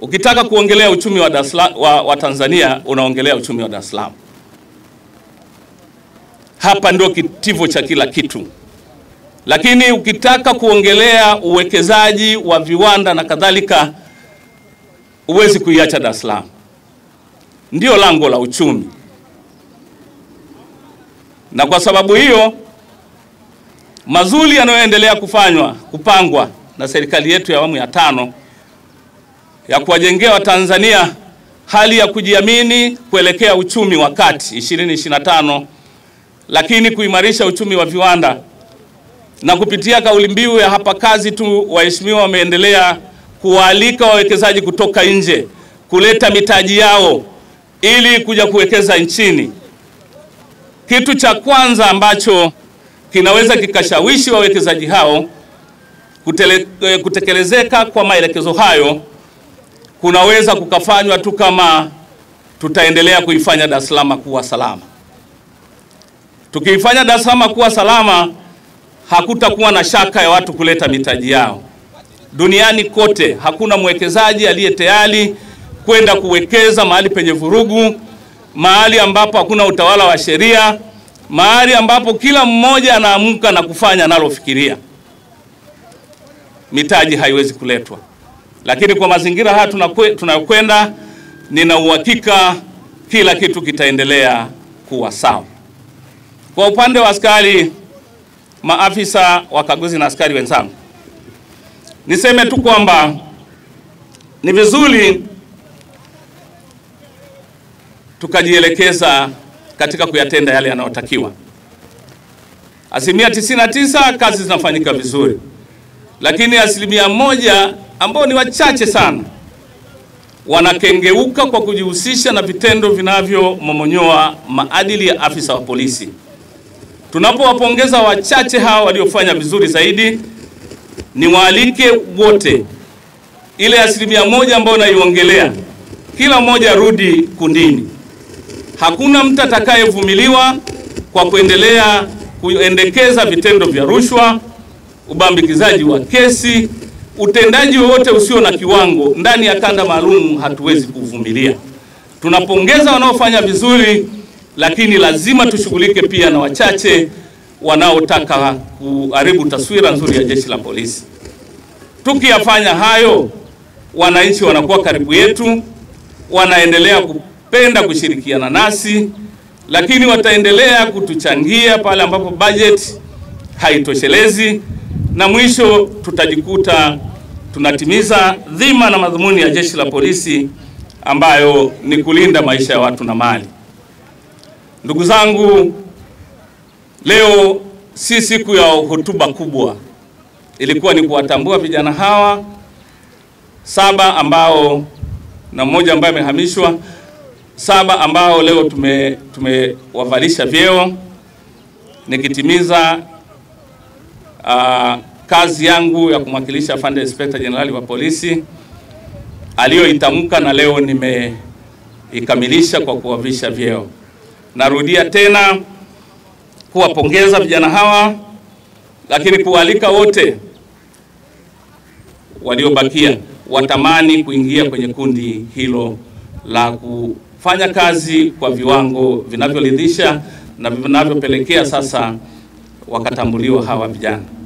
Ukitaka kuongelea uchumi wa, Dasla, wa, wa Tanzania unaongelea uchumi wa Dar es Salaam. Hapa ndio kitivo cha kila kitu. Lakini ukitaka kuongelea uwekezaji wa viwanda na kadhalika, huwezi kuiacha Dar es Salaam, ndio lango la uchumi. Na kwa sababu hiyo, mazuri yanayoendelea kufanywa kupangwa na serikali yetu ya awamu ya tano ya kuwajengea Watanzania hali ya kujiamini kuelekea uchumi wa kati 2025 lakini kuimarisha uchumi wa viwanda na kupitia kauli mbiu ya hapa kazi tu, waheshimiwa wameendelea kuwaalika wawekezaji kutoka nje kuleta mitaji yao ili kuja kuwekeza nchini. Kitu cha kwanza ambacho kinaweza kikashawishi wawekezaji hao kutele, kutekelezeka kwa maelekezo hayo kunaweza kukafanywa tu kama tutaendelea kuifanya Dar es Salaam kuwa salama. Tukiifanya Dar es Salaam kuwa salama, hakutakuwa na shaka ya watu kuleta mitaji yao. Duniani kote hakuna mwekezaji aliye tayari kwenda kuwekeza mahali penye vurugu, mahali ambapo hakuna utawala wa sheria, mahali ambapo kila mmoja anaamka na kufanya analofikiria. Mitaji haiwezi kuletwa lakini kwa mazingira haya tunayokwenda, nina uhakika kila kitu kitaendelea kuwa sawa. Kwa upande wa askari, maafisa wakaguzi na askari wenzangu, niseme tu kwamba ni vizuri tukajielekeza katika kuyatenda yale yanayotakiwa. Asilimia 99 kazi zinafanyika vizuri, lakini asilimia moja ambao ni wachache sana wanakengeuka kwa kujihusisha na vitendo vinavyomomonyoa maadili ya afisa wa polisi. Tunapowapongeza wachache hawa waliofanya vizuri zaidi, ni wote, ile asilimia moja ambayo naiongelea, kila mmoja rudi kundini. Hakuna mtu atakayevumiliwa kwa kuendelea kuendekeza vitendo vya rushwa, ubambikizaji wa kesi Utendaji wowote usio na kiwango ndani ya kanda maalum hatuwezi kuvumilia. Tunapongeza wanaofanya vizuri, lakini lazima tushughulike pia na wachache wanaotaka kuharibu taswira nzuri ya jeshi la polisi. Tukiyafanya hayo, wananchi wanakuwa karibu yetu, wanaendelea kupenda kushirikiana nasi, lakini wataendelea kutuchangia pale ambapo bajeti haitoshelezi na mwisho tutajikuta tunatimiza dhima na madhumuni ya jeshi la polisi ambayo ni kulinda maisha ya watu na mali. Ndugu zangu, leo si siku ya hotuba kubwa, ilikuwa ni kuwatambua vijana hawa saba ambao na mmoja ambaye amehamishwa, saba ambao leo tume tumewavalisha vyeo nikitimiza uh, kazi yangu ya kumwakilisha afande inspekta jenerali wa polisi aliyoitamka na leo nimeikamilisha kwa kuwavisha vyeo. Narudia tena kuwapongeza vijana hawa, lakini kuwaalika wote waliobakia watamani kuingia kwenye kundi hilo la kufanya kazi kwa viwango vinavyoridhisha na vinavyopelekea sasa wakatambuliwa hawa vijana.